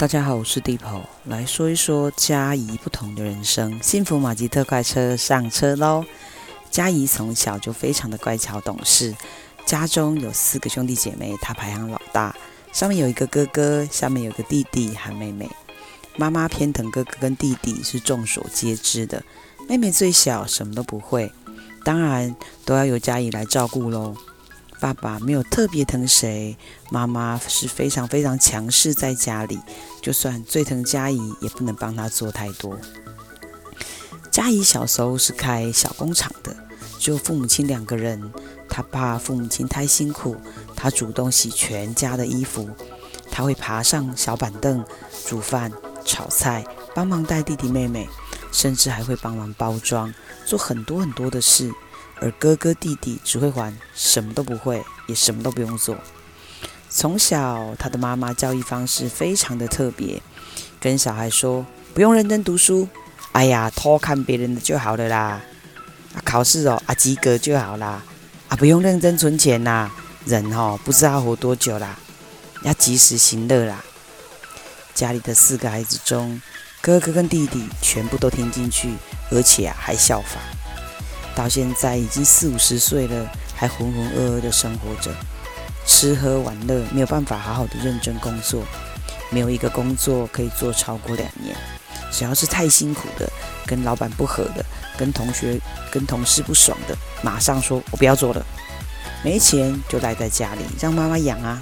大家好，我是 Deepo，來說一說嘉怡不同的人生。幸福馬吉特快車上車嘍！嘉怡從小就非常的乖巧懂事，家中有四個兄弟姐妹，她排行老大，上面有一個哥哥，下面有一個弟弟和妹妹。媽媽偏疼哥哥跟弟弟是眾所皆知的，妹妹最小，什麼都不會，當然都要由嘉怡來照顧嘍。爸爸沒有特別疼誰，媽媽是非常非常強勢，在家裡，就算最疼佳儀，也不能幫她做太多。佳儀小時候是開小工廠的，只有父母親兩個人，她怕父母親太辛苦，她主動洗全家的衣服，她會爬上小板凳煮飯、炒菜，幫忙帶弟弟妹妹，甚至還會幫忙包裝，做很多很多的事。而哥哥弟弟只會還，什麼都不會，也什麼都不用做。從小，他的媽媽教育方式非常的特別，跟小孩說不用認真讀書，哎呀，偷看別人的就好了啦、啊。考試哦，啊及格就好啦。啊不用認真存錢啦，人哦，不知道活多久啦，要及時行樂啦。家裡的四個孩子中，哥哥跟弟弟全部都聽進去，而且、啊、還效仿。到現在已經四五十歲了，還渾渾噩噩的生活着，吃喝玩樂，沒有辦法好好的認真工作，沒有一個工作可以做超過兩年，只要是太辛苦的、跟老闆不合的、跟同學、跟同事不爽的，馬上說“我不要做了”，沒錢就賴在家裡，讓媽媽養啊。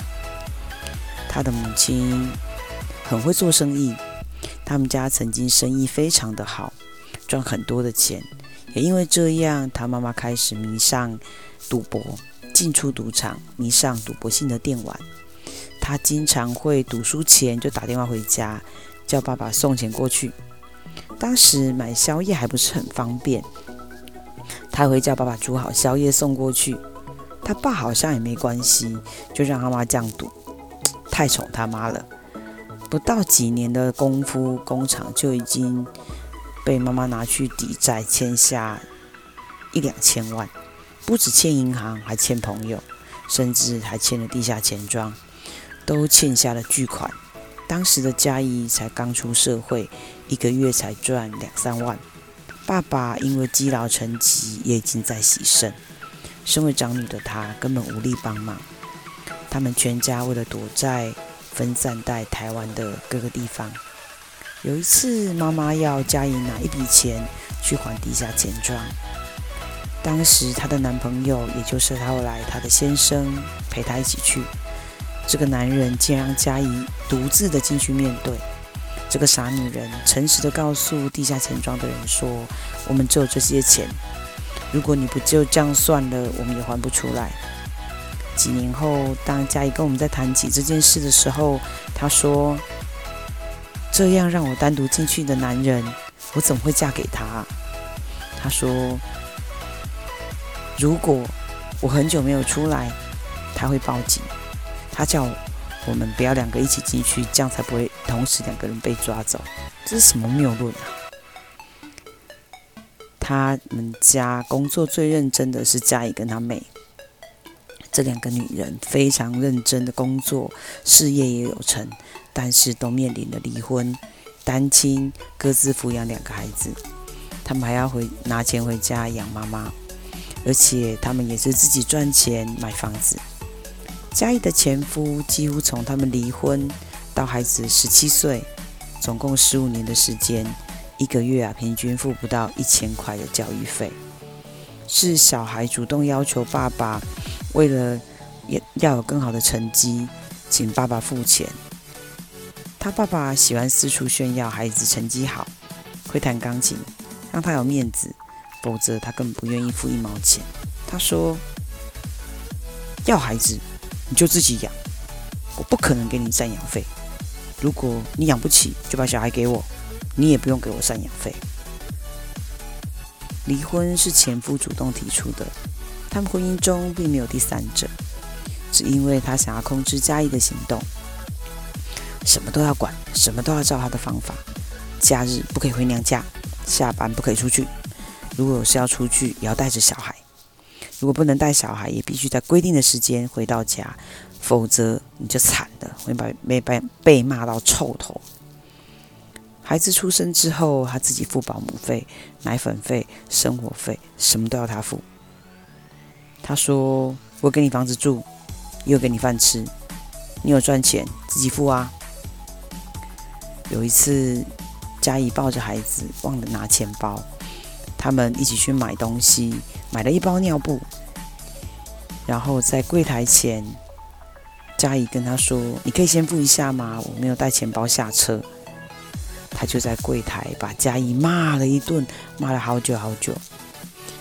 他的母親很會做生意，他們家曾經生意非常的好，賺很多的錢。因為這樣，他媽媽開始迷上賭博，進出賭場，迷上賭博性的電玩。他經常會賭輸錢就打電話回家，叫爸爸送錢過去。當時買宵夜還不是很方便，他會叫爸爸煮好宵夜送過去。他爸好像也沒關係，就讓他媽這樣賭，太寵他媽了。不到幾年的功夫，工廠就已經被媽媽拿去抵債，欠下一兩千萬，不只欠銀行，還欠朋友，甚至還欠了地下錢莊，都欠下了巨款。當時的佳儀才剛出社會，一個月才賺兩三萬。爸爸因為積勞成疾，也已經在洗腎。身為長女的她，根本無力幫忙。他們全家為了躲債，分散在台灣的各個地方。有一次，媽媽要佳儀拿一筆錢去還地下錢莊。當時她的男朋友，也就是她後來她的先生，陪她一起去。這個男人竟然讓佳儀獨自的進去面對。這個傻女人誠實的告訴地下錢莊的人說：“我們只有這些錢，如果你不就這樣算了，我們也還不出來。”幾年後，當佳儀跟我們在談起這件事的時候，她說。這樣讓我單獨進去的男人，我怎麼會嫁給他？他說：“如果我很久沒有出來，他會報警。他叫我，我們不要兩個一起進去，這樣才不會同時兩個人被抓走。”這是什麼謬論啊？他們家工作最認真的是佳儀跟他妹，這兩個女人非常認真的工作，事業也有成。但是都面臨了離婚，單親各自撫養兩個孩子，他們還要回拿錢回家養媽媽，而且他們也是自己賺錢買房子。佳儀的前夫幾乎從他們離婚到孩子十七歲，總共十五年的時間，一個月啊平均付不到一千塊的教育費，是小孩主動要求爸爸為了要有更好的成績，請爸爸付錢。他爸爸喜歡四處炫耀孩子成績好，會彈鋼琴，讓他有面子，否則他更不願意付一毛錢。他說：“要孩子你就自己養，我不可能給你贍養費。如果你養不起，就把小孩給我，你也不用給我贍養費。”離婚是前夫主動提出的，他們婚姻中並沒有第三者，只因為他想要控制佳儀的行動。什麼都要管，什麼都要照他的方法。假日不可以回娘家，下班不可以出去。如果是要出去，也要帶着小孩。如果不能帶小孩，也必須在規定的時間回到家，否則你就慘了，會被沒被罵到臭頭。孩子出生之後，他自己付保姆費、奶粉費、生活費，什麼都要他付。他說：“我給你房子住，又給你飯吃，你有賺錢自己付啊。”有一次，佳儀抱着孩子忘了拿錢包，他們一起去買東西，買了一包尿布。然後在櫃台前，佳儀跟他說：“你可以先付一下嗎？我沒有帶錢包下車。”他就在櫃台把佳儀罵了一頓，罵了好久好久。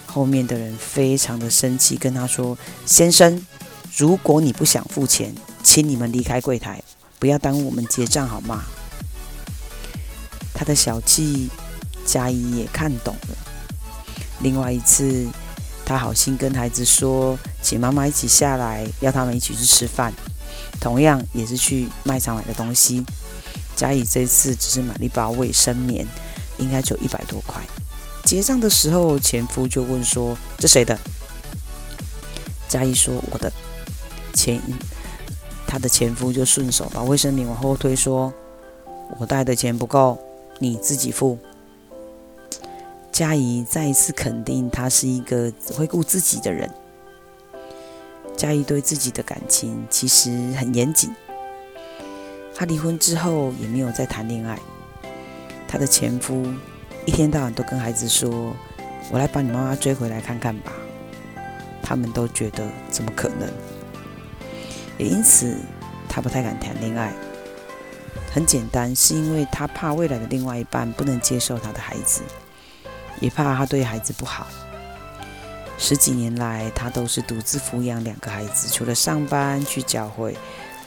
後面的人非常的生氣，跟他說：“先生，如果你不想付錢，請你們離開櫃台，不要耽誤我們結賬，好嗎？”他的小氣，佳儀也看懂了。另外一次，他好心跟孩子說，請媽媽一起下來，要他們一起去吃飯。同樣也是去賣場買的東西，佳儀這次只是買了一包衛生棉，應該就一百多塊。結賬的時候，前夫就問說：“這誰的？”佳儀說：“我的。”前，前他的前夫就順手把衛生棉往後推，說：“我帶的錢不夠。”你自己付。佳儀再一次肯定，他是一個只會顧自己的人。佳儀對自己的感情其實很嚴謹，她離婚之後也沒有再談戀愛。她的前夫一天到晚都跟孩子說：“我來把你媽媽追回來看看吧。”他們都覺得怎麼可能，也因此他不太敢談戀愛。很簡單，是因為他怕未來的另外一半不能接受他的孩子，也怕他對孩子不好。十幾年來，他都是獨自撫養兩個孩子，除了上班、去教會、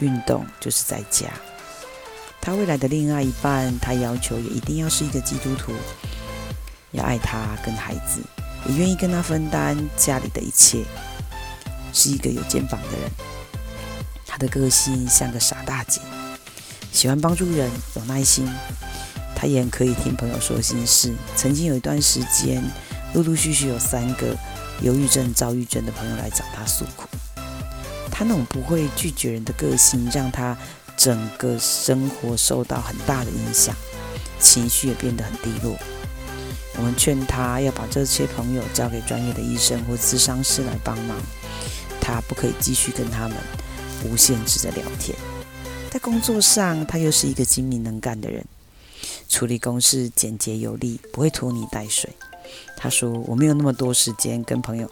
運動，就是在家。他未來的另外一半，他要求也一定要是一個基督徒，要愛他跟孩子，也願意跟他分擔家裡的一切，是一個有肩膀的人。他的個性像個傻大姐。喜歡幫助人，有耐心，他也可以聽朋友說心事。曾經有一段時間，陸陸續續有三個憂鬱症、躁鬱症的朋友來找他訴苦。他那種不會拒絕人的個性，讓他整個生活受到很大的影響，情緒也變得很低落。我們勸他要把這些朋友交給專業的醫生或諮商師來幫忙，他不可以繼續跟他們無限制的聊天。在工作上，他又是一個精明能幹的人，處理公事簡潔有力，不會拖泥帶水。他說：“我沒有那麼多時間跟朋友、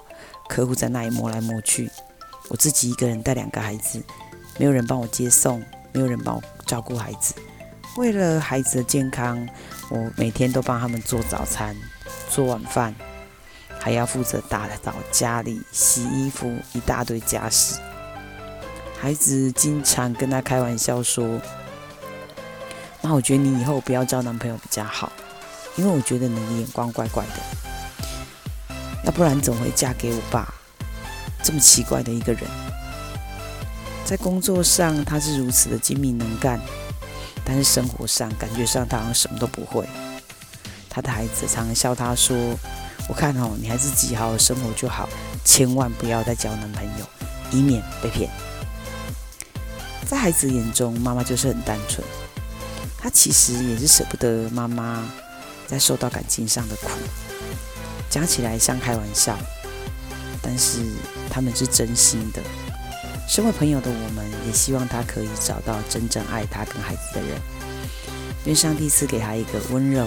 客戶在那裡磨來磨去，我自己一個人帶兩個孩子，沒有人幫我接送，沒有人幫我照顧孩子。為了孩子的健康，我每天都幫他們做早餐、做晚飯，還要負責打掃家裡、洗衣服，一大堆家事。”孩子經常跟他開玩笑說：“媽，我覺得你以後不要交男朋友比較好，因為我覺得你眼光怪怪的。要不然，怎麼會嫁給我爸這麼奇怪的一個人？在工作上，他是如此的精明能幹，但是生活上、感覺上，他好像什麼都不會。他的孩子常常笑他說：‘我看哦，你還是自己好好生活就好，千萬不要再交男朋友，以免被騙。’”在孩子眼中，媽媽就是很單純。他其實也是捨不得媽媽在受到感情上的苦，講起來像開玩笑，但是他們是真心的。身為朋友的我們，也希望他可以找到真正愛他跟孩子的人。願上帝賜給他一個溫柔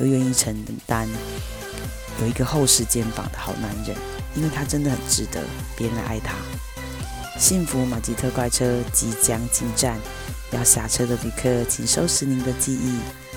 又願意承擔、有一個厚實肩膀的好男人，因為他真的很值得別人來愛他。幸福馬吉特快車即將進站，要下車的旅客請收拾您的記憶。